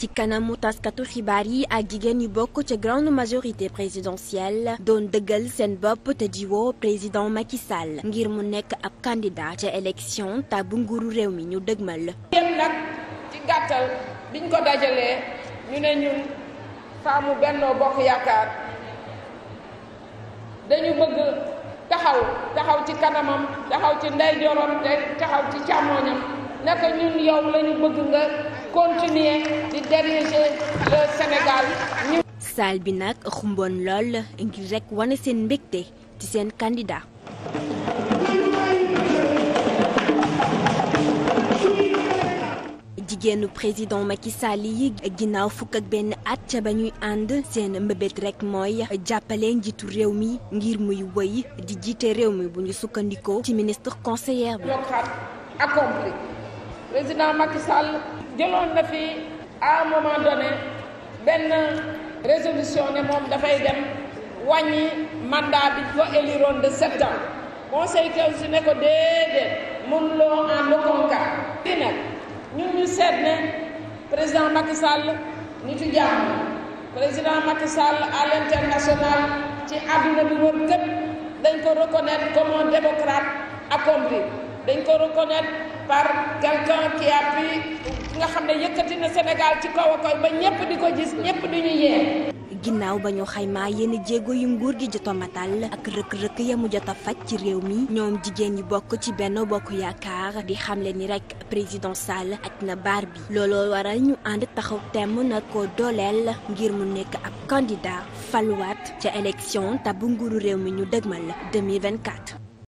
ci kanam mu taskatu xibaar yi ak jigéen yu bokk ca grande majorité présidentielle doon dëggal seen bopp te di woo président Macky ngir mu nekk ab candidat ca élection tàbb nguuru réew mi ñu dëgmal. yéen nag ci gàttal biñ ko dajalee ñu ne ñun faamu Benno Bokk Yaakaar dañu bëgg taxaw taxaw ci kanamam taxaw ci ndeyjooram te taxaw ci càmmooñam. ne ñun yow la bëgg nga continuer di diriger le Sénégal saal bi nag xumboon lool ngir rek wane seen mbégte ci seen candidat. jigéenu président Macky Sall yi ginnaaw fukk ànd seen mbébét rek mooy jàppale njiitu réew mi ngir muy wëy di jiite réew mi bu sukkandikoo ci ministre conseillère président Macky Sall jëloon na fi à a moment donné benn résolution ne moom dafay dem wàññi mandat bi ko éliroon de sept ans conseil teew si ne ko déedéet mun loo en aucun cas di ñu seet ne président Macky Sall nitu président Macky Sall à ci àdduna bi wër képp dañ ko reconnaître comme un démocrate accompli dañ ko reconnaître par quelqu'un qui a ki nga xam ne yëkkati Sénégal ci kaw koy ba ñëpp di ko gis ñëpp di ñu ginnaaw ba ñu xayma yenn jéego yu nguur gi jot a matal ak rëkk-rëkk ya mu jot faj ci réew mi ñoom jigéen ñi bokk ci benn bokk yaakaar di xamle ni rekk président Sall ak na baar bi looloo waral ñu ànd taxaw temm na ko dooleel ngir mu nekk ab candidat faluwaat ca élection tabu nguuru réew mi ñu dëgmal 2024.